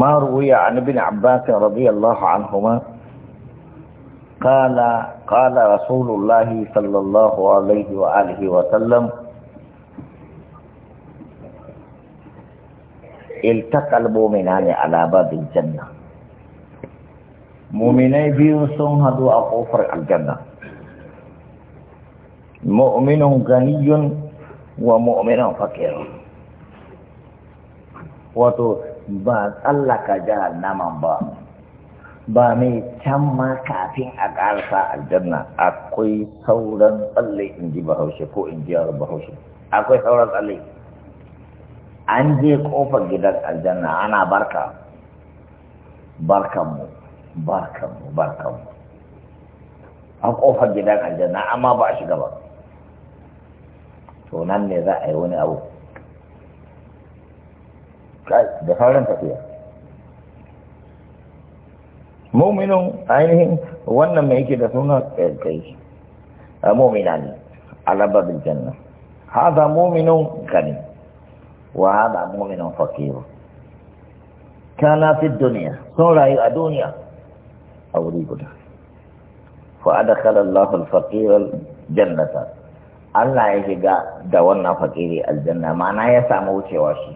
ما روي عن ابن عباس رضي الله عنهما قال قال رسول الله صلى الله عليه وآله وسلم التقى المؤمنان على باب الجنة مؤمني بيو سن هدو أقوفر الجنة مؤمن غني ومؤمن فقير وتو ba tsallaka jahannaman ba ba mai can ma kafin a ƙarsa aljanna akwai sauran tsalle in ji bahaushe ko in ji yawar bahaushe akwai sauran tsalle an je ƙofar gidan aljanna ana barka barkanmu barkanmu barkanmu A ƙofar gidan aljanna amma ba a shiga ba to nan ne za a yi wani abu kai da sauran tafiya muminin ainihin wannan mai yake da suna kai mumina ne A bil janna hada muminun gani wa hada muminun fakiru. kana fi duniya sun rayu a duniya a wuri guda fa adakhala Allahu al jannata Allah ya shiga da wannan fakiri aljanna ma'ana ya samu wucewa shi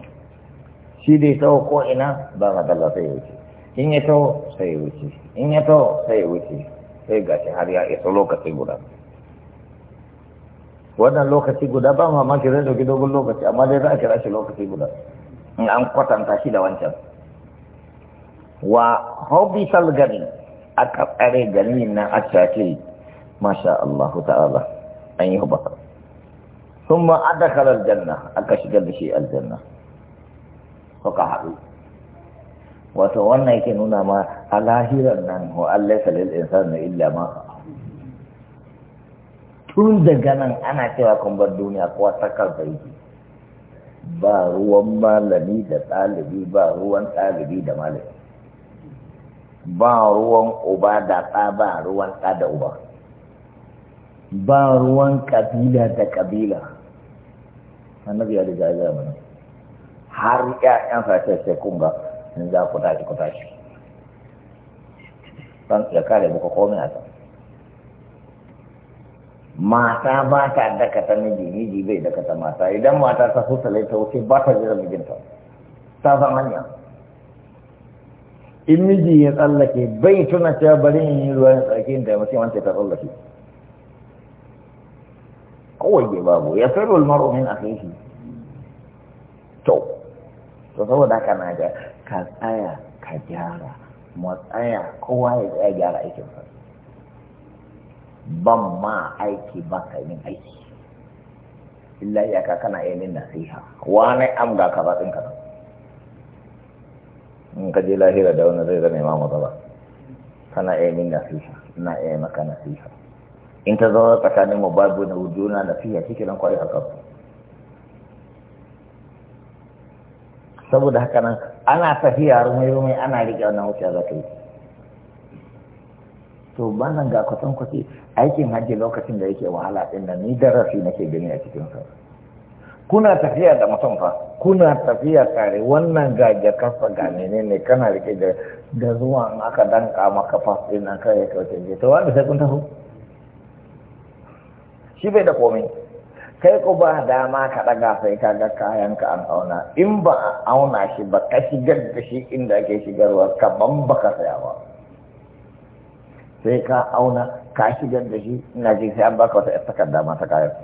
shi dai ya taho ko ina ba na dalla sai ya wuce in ya taho sai ya wuce in ya taho sai ya wuce sai ga shi har ya isa lokaci guda wannan lokaci guda ba maki zai dauki dogon lokaci amma dai za a kira shi lokaci guda in an kwatanta shi da wancan wa hobisal gani aka tsare gani na a shafi masha Allah ta'ala an yi hubata sun ma adakalar janna aka shigar da shi aljanna suka haɗu wato wannan yake nuna ma a lahirar nan wa Allah salil in na illa ma tun daga nan ana cewa kun bar duniya a sakar da yake ba ruwan malami da ɗalibi ba ruwan ɗalibi da malami ba ruwan uba da ɗa ba ruwan ɗa da uba ba ruwan ƙabila da ƙabila annabi ya riga ya mana har ƴaƴan sace sai kun ga in za ku tashi ku tashi don ya kare muku komai a can mata ba ta dakata miji miji bai dakata mata idan mata ta hutale ta wuce ba ta jira mijinta ta san hanya in miji ya tsallake bai tuna cewa bari in yi ruwan tsarki da mace wanda ta tsallake kawai babu ya sayar wal a kai shi to to saboda haka na ga ka tsaya ka gyara mu tsaya kowa ya tsaya gyara aikin sa ban ma aiki ba ka yin aiki illa ka kana iya min nasiha wani am ga ka batsin ka in ka je lahira da wani zai zama imamu ba kana iya min nasiha ina iya maka nasiha in ta zama tsakanin mu babu na wujuna nasiha cikin kwari a kansu saboda haka nan ana tafiya rumai-rumai ana rike wannan wuce za ta yi to nan ga kwatan kwace aikin hajji lokacin da yake wahala ɗin da ni darasi nake gani a cikin sa kuna tafiya da mutum fa kuna tafiya tare wannan ga jakarsa ga ne? kana rike da da zuwa in aka danka maka fas ɗin nan kai ya kauce to wanda sai kun taho shi bai da komai kai ko ba dama ka daga sai ka ga kayan ka an auna in ba a auna shi ba ka shigar da shi inda ake shigarwa ban ba ka saya ba sai ka auna ka shigar da shi ina ji sai an baka wata yasta kan dama ta kayan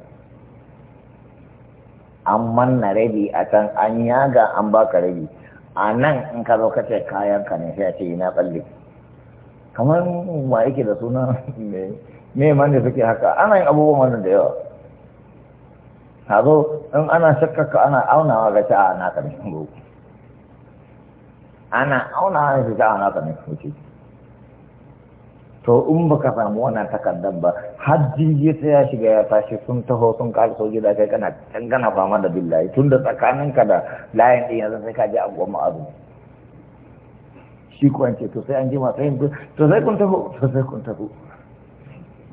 an manna rabi a can an yaga an baka rabi a nan in ka zo kace kayan ka ne sai a ce ina tsalle kamar ma yake da suna me mai suke haka ana yin abubuwan wannan da yawa ka in ana shakkaka ana aunawa ga ta ana ƙarshen gobe ana aunawa ga ta ana ƙarshen gobe to in ba ka samu wani takardar ba hajji ya sai ya shiga ya tashi sun taho sun soji da kai kana can fama da billahi tun da tsakaninka da layin ɗin yanzu sai ka je a ma'azu shi kuwan ce to sai an masu sai to sai kun taho to sai kun taho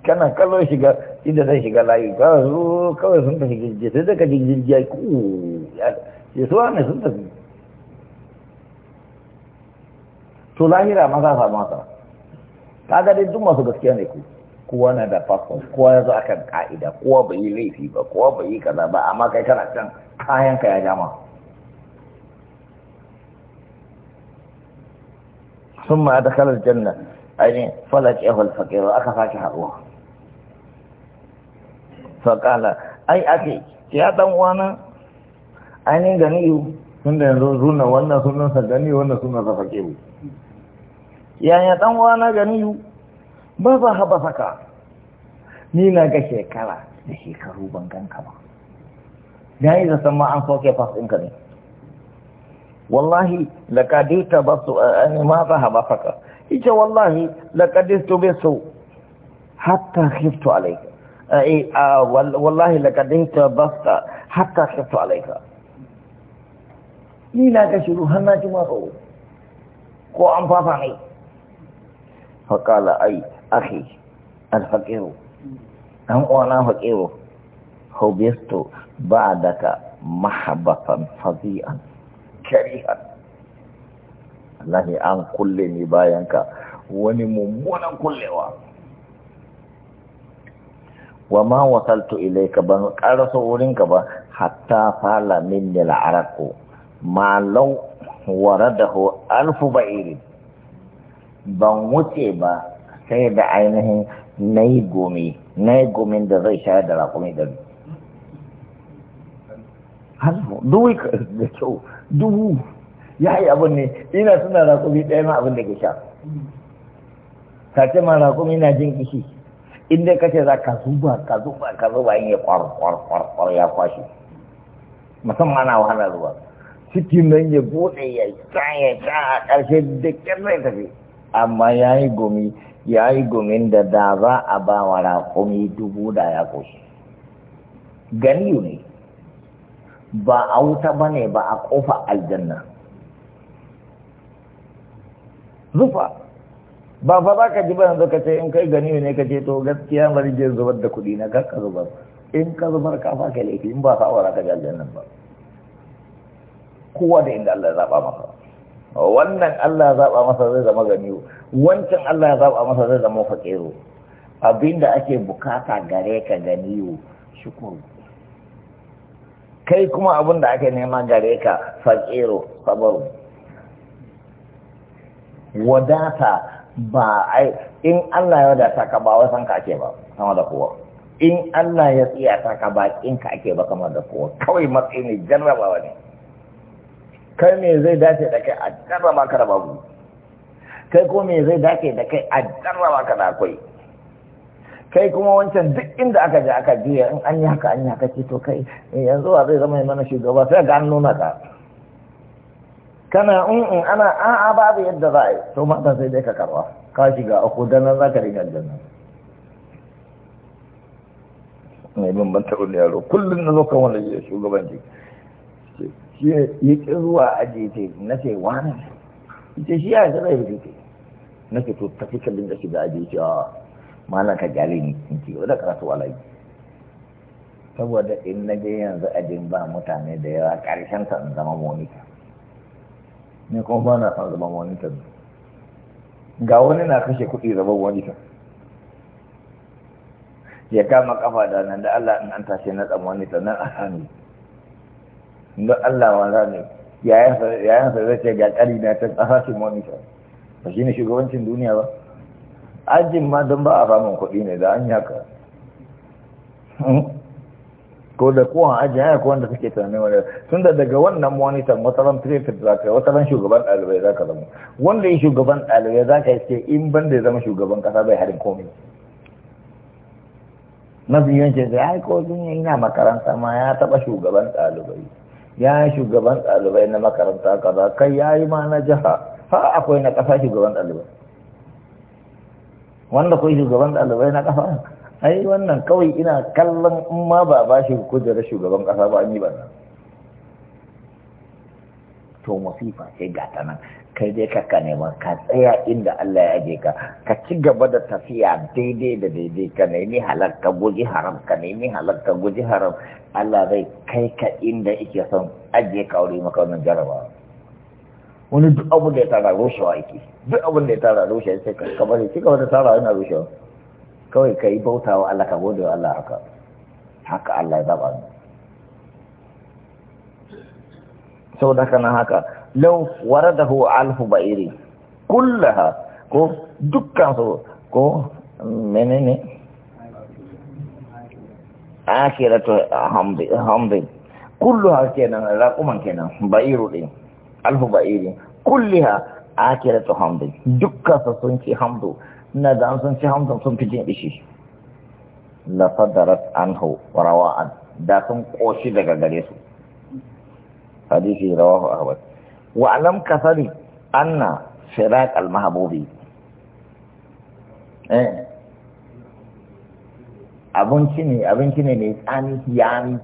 kana kallo shiga inda zai shiga layi ka zo kawai sun tafi jirgi sai daga jirgi ya ku ya suwa ne sun tafi to lahira maza sa mata ta ga dai duk masu gaskiya ne ku kowa na da fasfon kowa ya zo akan ka'ida kowa bai yi laifi ba kowa bai yi kaza ba amma kai kana can kayan ka ya jama ثم أدخل الجنة أي فلك إهو الفقير sake haɗuwa. faƙala ai ake ya ɗan wani ainihin gani yiwu tun da yanzu runa wannan sunansa gani wannan sunansa faƙe yiwu yaya ɗan wani gani yiwu ba za haɓa saka ni na ga shekara da shekaru ban ganka ba ya yi zaton ma an soke fas ne wallahi da laƙadita ba su ainihin eh, eh, ma za haɓa saka ita wallahi da laƙadistu bai so hatta khiftu alaika wallahi lakadin ta basta hatta shafa alaika ni na ga shiru har na ji matsoro ko an fafa ne faƙala ai ahi alfaƙiru an ƙwana faƙiru hobisto ba daga fazi'an karihan Allah an kulle ni bayanka wani mummunan kullewa wa ma wasaltu ilayka ban karaso urinka ba hatta fala minni araku ma law waradahu alfu ba'irin ban wuce ba sai da ainihin nayi gumi nayi gumin da zai shayar da rakumi da duwi da dubu ya yi abin ne ina suna rakumi ɗaya ma abin da ke sha sace ma rakumi na jin kishi inda kace za ka zuba ka zuba ka zuba in ya kwar kwar kwar kwar ya kwashe musamman ana wahala ruwa ciki nan ya bude ya ta ya ta a ƙarshe da ƙyar tafi amma ya yi gumi ya yi gumin da da za a ba wa raƙumi dubu da ya kwashi gani ne ba a wuta ba ne ba a ƙofa aljanna zufa ba fa za ka ji ba yanzu ka ce in kai gani ne ka ce to gaskiya bari je zubar da kuɗi na kan ka zubar in ka zubar ka fa ka laifi in ba sa wara ka ji aljannan ba kowa da inda Allah ya zaba masa wannan Allah ya zaba masa zai zama gani wancan Allah ya zaba masa zai zama fakiru abinda ake bukata gare ka gani ganiyo shukuru kai kuma abin da ake nema gare ka faƙero sabaru wadata ba ai in Allah ya wadata ka ba wai ka ake ba sama da kowa in Allah ya tsiyata ka ba in ka ake ba sama da kowa kawai matsayi ne jarrabawa ne kai me zai dace da kai a jarraba ka da babu kai ko me zai dace da kai a jarraba ka da akwai kai kuma wancan duk inda aka je aka juya in an yi haka an yi haka ce to kai yanzu wa zai zama mana shugaba sai ga an nuna ka kana in in ana a'a babu yadda za a yi to mata sai dai ka karwa ka shiga a dan za ka riga aljanna ne ban banta taɓa yaro kullum na zo kan wanda shugaban shugabanci shi ya ƙi zuwa a jefe na ce wani ita shi ya yi zai bi jefe na ce to tafi ka da shiga a jefe a ah, malan ka gyale ni in ce wadda karatu walayi saboda in na je yanzu ajin ba mutane da yawa ƙarshen ta in zama monika ne kuma ba na san zaman wani tabi ga wani na kashe kuɗi zaman wani ta ya kama kafa da nan da Allah in an tashi na dan wani ta nan a sami don Allah wanda ne yayin sa zai ce ga ƙari na ta shi wani ta ba shi ne shugabancin duniya ba ajin ma don ba a famin kuɗi ne da an yi haka hmm? ko da kowa aji haya ko wanda suke tunanin wani tun da daga wannan monitor wata ran za ka yi wata ran shugaban ɗalibai za ka zama wanda yi shugaban ɗalibai za ka yi ce in ban da ya zama shugaban ƙasa bai harin komai mafi yawanci sai, "Ai ko sun yi na makaranta ma ya taɓa shugaban ɗalibai ya yi shugaban ɗalibai na makaranta kaza kai ya yi ma na jiha ha akwai na ƙasa shugaban ɗalibai wanda kuwa shugaban ɗalibai na ƙasa ai wannan kawai ina kallon in ma ba ba shi kujerar shugaban kasa ba ni ba ba to masifa sai ga ta nan kai dai kaka nema ka tsaya inda Allah ya aje ka ka ci gaba da tafiya daidai da daidai ka nemi halal ka guji haram ka nemi halal ka guji haram Allah zai kai ka inda yake son aje ka wuri maka wannan jaraba wani duk abin da ya tara rushewa yake duk abin da ya tara rushewa sai ka bari ci gaba da tara yana rushewa kawai ka yi bautawa Allah ka gode wa Allah haka haka Allah ya zaba sau da kana haka lau waradahu alfu ba'iri kullaha ko dukkan su ko menene akiratu Kullu kulluha kenan raquman kenan ba'iru din alfu ba'iri kulliha akiratu hamdi dukkan su sun ci hamdu ina da an sun ci sun fi jin ishi la sadarat rawa rawa'an da sun koshi daga gare su hadisi rawahu ahmad wa alam kasari anna firaq al mahbubi eh abinci ne abinci ne mai tsani yami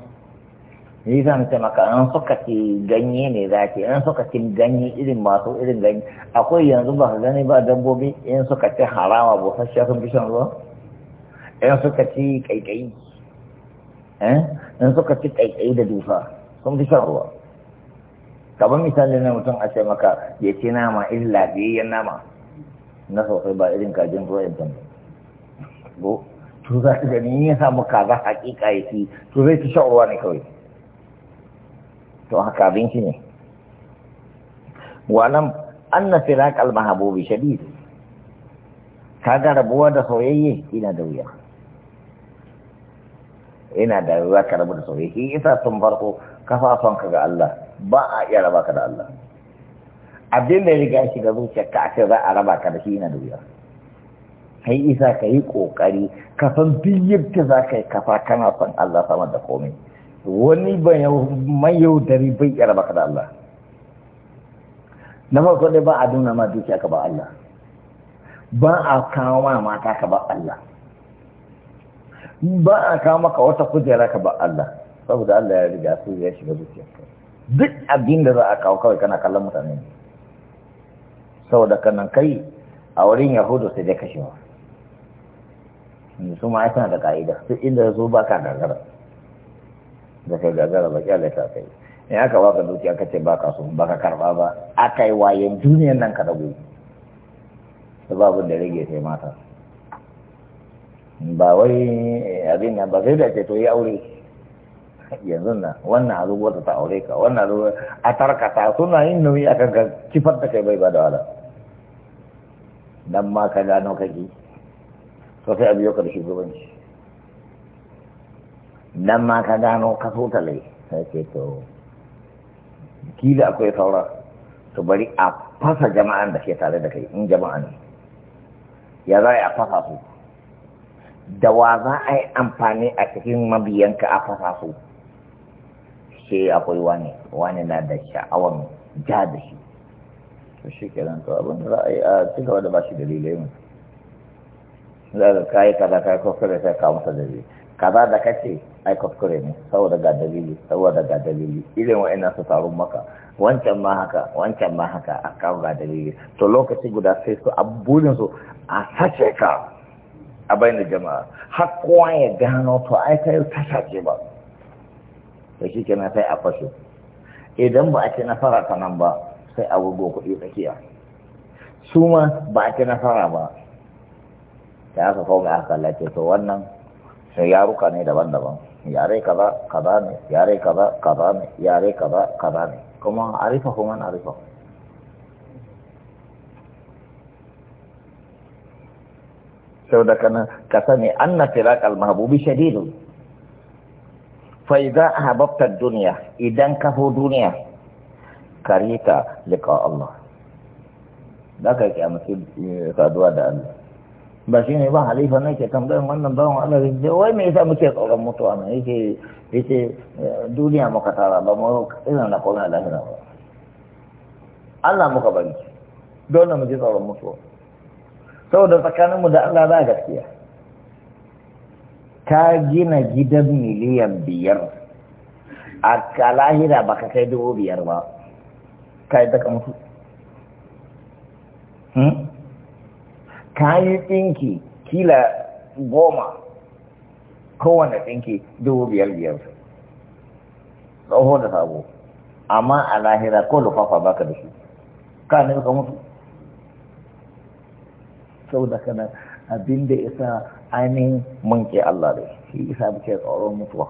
ni zan ce maka an suka ci ganye ne za ki an suka ci ganye irin masu irin ganye akwai yanzu ba ka gani ba dabbobi in suka ci harama busasshiya sun fi shan ruwa in suka ci kaikayi eh? in suka ci kai da dufa sun fi shan ruwa kaba misali na mutum a ce maka ya ci nama illa lafiyayyen nama na sosai ba irin kajin ruwa in Bo, to za ka gani ya samu kaza hakika ya ci to zai ci shan ruwa ne kawai to haka abinci ne wannan anna firaq al mahbubi shadid kaga rabuwa da soyayye ina da wuya ina da wuya ka rabu da soyayye shi yasa tun farko ka fa son ka ga Allah ba a iya raba ka da Allah abin da ya riga shi ga zuciyarka ka ce za a raba ka da shi ina da wuya kai isa ka yi kokari ka san duk yadda za ka yi kafa kana son Allah sama da komai wani mai yaudari bai iya raba da Allah na farko dai ba a nuna ma dukiya ka ba Allah ba a kawo ma mata ka ba Allah ba a kawo maka wata kujera ka ba Allah saboda Allah ya riga su ya shiga zuciyarka duk abin da za a kawo kawai kana kallon mutane saboda kanan kai a wurin yahudu sai dai kashewa su ma tana da ka'ida su inda zo ba ka gagara da kai gagara ba kyale ta kai in aka baka duki aka ce baka so baka karba ba aka yi wayan duniyar nan ka dago da babu da rage sai mata ba wai eh, abin nan ba sai da ce to yi aure yanzu na wannan a zuwa ta aure ka wannan a a tarkata suna yin nauyi akan kan kifar da kai bai ba da wala dan ma ka gano kaki to sai a biyo ka da shugabanci dan ma ka gano ka so ta lai sai ce to kila akwai saura to bari a fasa jama'an da ke tare da kai in jama'a ne ya za a fasa su da wa za a yi amfani a cikin mabiyanka a fasa su sai akwai wani wani na da sha'awar ja da shi to shi nan to abin da za a yi a cika ba shi dalilai mu za ka kayi kaza kayi ko kada sai kawo masa dalilai kaza da kace ai kuskure ne saboda ga dalili saboda ga dalili irin wa'annan su tarun maka wancan ma haka wancan ma haka a kawo ga dalili to lokaci guda sai su abulin su a sace ka a bayan jama'a har kowa ya gano to ai kai ta sace ba to shi kenan sai a fashe idan ba a ci nasara ta nan ba sai a gugu kuɗi tsakiya su ma ba a ci nasara ba ta aka kawo ga aka lafiya to wannan sai yaruka ne daban-daban yare kaza kaza ne yare kaza kaza ne yare kaza kaza ne kuma arifa kuma na arifa sau da kanan ka sani an na firakal mahabubi shadidu fa'iza a hababtar duniya idan ka so duniya karita liƙa Allah da ka kyamata eh, saduwa da Allah ba shi ne ba halifa na ke tambayin wannan bawan Allah ya ce wai me yasa muke tsoron mutuwa ne yake yake eh, duniya muka tara ba mu ina na da lahira ba Allah muka bari dole mu ji tsoron mutuwa saboda tsakanin mu da Allah za gaskiya ka gina gidan miliyan biyar a kalahira baka kai dubu biyar ba ka yi daga mutu hmm? yi ɗinki kila goma kowane ɗinki dubu biyar biyar tsoho da sabo amma a lahira ko lufafa baka da shi ka ne ka mutu sau da kana abin da isa ainihin munke Allah da shi isa muke tsoron mutuwa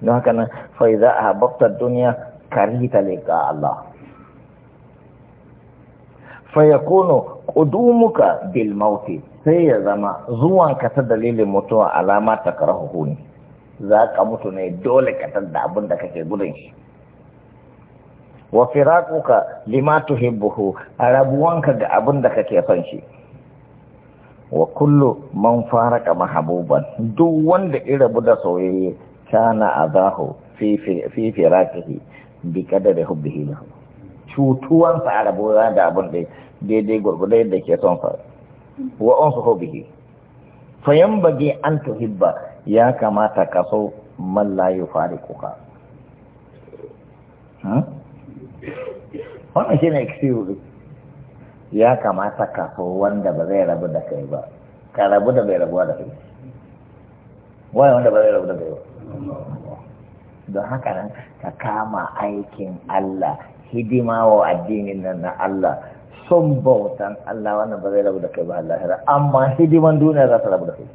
don haka nan fai za a habbabtar duniya karita leƙa Allah fayakunu ƙudumuka Bilmauti sai ya zama zuwanka ta dalilin mutuwa alama ta karahu ne za ka mutu ne dole ka tadda abin da kake gudun shi wa limatu hibbuhu a rabuwanka ga abin da kake son shi wa kullu man faraka mahabuban duk wanda ya rabu da soyayye kana azahu fi fi firakihi bi qadari hubbihi lahu cutuwansa a ya da abin da daidai gwargwado yadda ke son sa wa on su hobihi fayan bage an tuhibba ya kamata ka so man la fari kuka hmm? wannan shi ne ya kamata ka so wanda ba zai rabu da kai ba ka rabu da bai rabuwa da kai wani wanda ba zai rabu da kai ba don haka nan ka kama aikin Allah hidima wa addinin nan na Allah son bautan Allah wannan ba zai rabu da kai ba Allah amma hidiman duniya za ta rabu da kai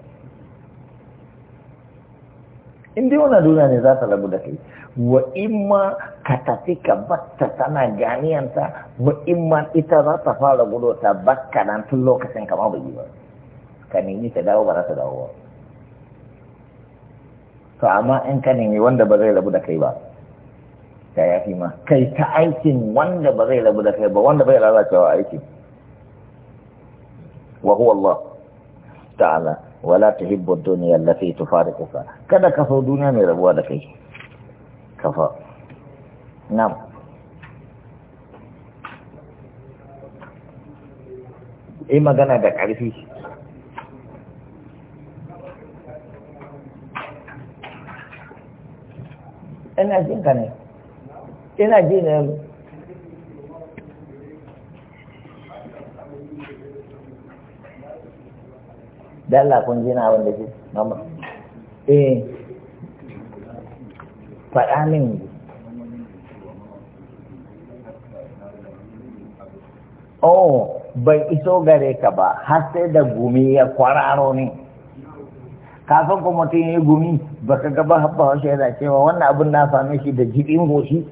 in dai wannan duniya ne za ta rabu da kai wa imma ka tafi ka batta tana ganiyanta wa imma ita za ta fara gudu ta bakka nan tun lokacin kama bai yi ba ka nemi ta dawo ba za ta dawo ba to amma in ka nemi wanda ba zai rabu da kai ba ka ya fi ma kai ta aikin wanda ba zai rabu da kai ba wanda bai lalacewa aikin wa huwa Allah ta'ala wala tuhibbu ad-dunya allati tufariquka kada ka so duniya mai rabuwa da kai kafa na'am yi magana da ƙarfi ina jin ka ne ina ji na yanzu da Allah kun ji na wanda ke mama eh faɗa min oh bai iso gare ka ba har sai da gumi ya kwararo ne kafin kuma mutum ya yi gumi baka gaba haɓa wasu yana cewa wannan abin na same shi da jiɗin goshi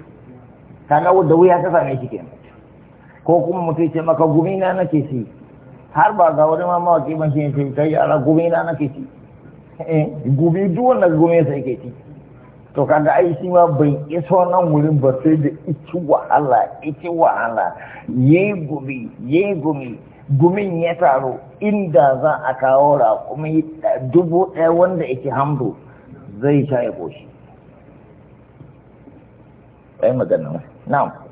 kaga da wuya ta same shi kenan ko kuma mutum ce maka gumi na nake shi har ba ga wani ma mawaki ban shi ne kai yara gumi na nake shi eh gumi duk wanda gumi sai ke ci to kaga ai shi ma bai iso nan wurin ba sai da ici wahala ici wahala ye gumi ye gumi gumin ya taro inda za a kawo raƙumi dubu ɗaya wanda yake hamdu zai sha ya koshi. Ɗaya magana Now,